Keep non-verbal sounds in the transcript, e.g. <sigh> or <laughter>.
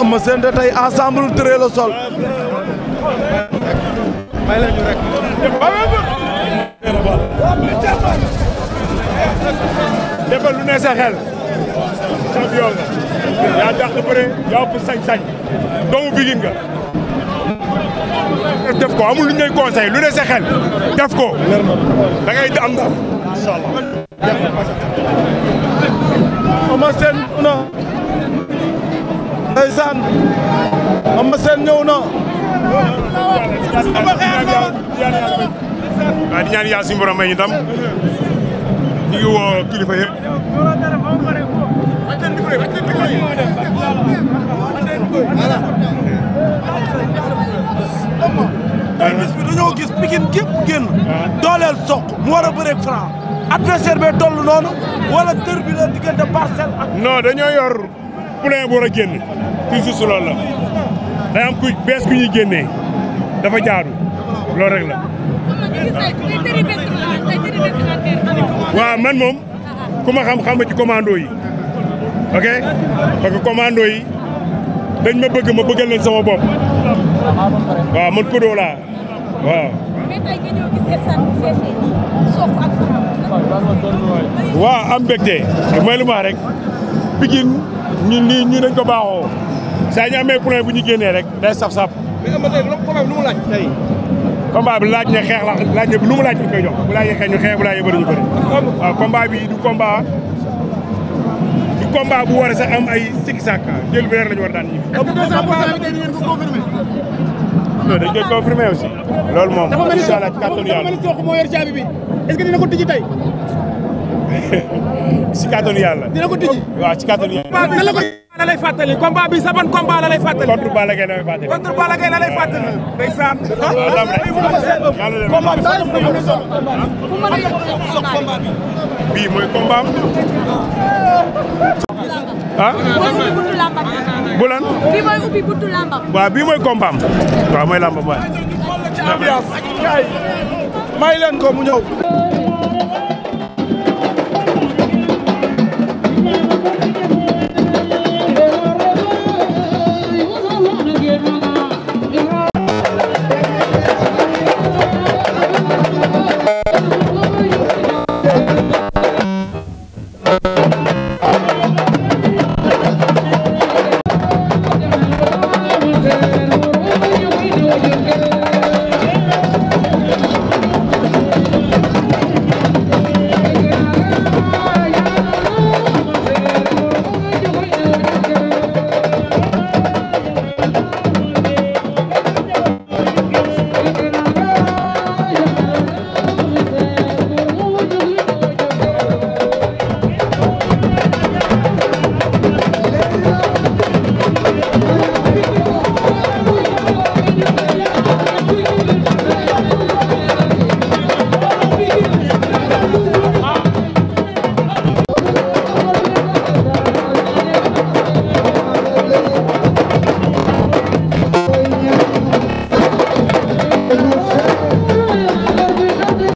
Eumeu Sène de tey ensemble tiré le sol defal lu ne sa xel champion nga yaa dàq def ko amul lu ñuy lu ne sa xel def ko da ngay Tyson na. waaw di ñaan yàlla suñu borom tam ñu woo kilifa yëpp. tey bis bi dañoo gis Pikine gépp génn. dooleel Sokh mu war a bëreeg Franc. adversaire bee toll noonu wala tër bi la diggante parcelle ak. non dañoo yor poulain bu day am bees ku ñuy génnee dafa jaaru loolu rek la. waaw man moom ku xam xam ci commando yi ok parce que yi dañ ma bëgg ma bëggal leen sama bopp waaw man Codou laa waaw. waaw am mbégte may lu ma rek Pikine ñun nii ñu dañ saa ñu amee bu ñu génnee rek day saf-saf. mais am laaj tey. combat bi laaj na xeex la laaj na lu mu laaj dañ xeex bu laajee bëri ñu bëri. waaw combat bi du combat du combat bu war a sax am ay sikki sàkk jël bi reer la ñu daan ñu. est-ce que 200 pour cent loolu moom incha allah kàttanu yàlla dafa mel ni dina ko tijji tey. si <laughs> kàttanu yàlla. dina la lay fàttali combat bi sa ban combat la lay bii mooy combat am. ah. bii mooy ubbi buntu mooy kombaam. waaw mooy lambam waay.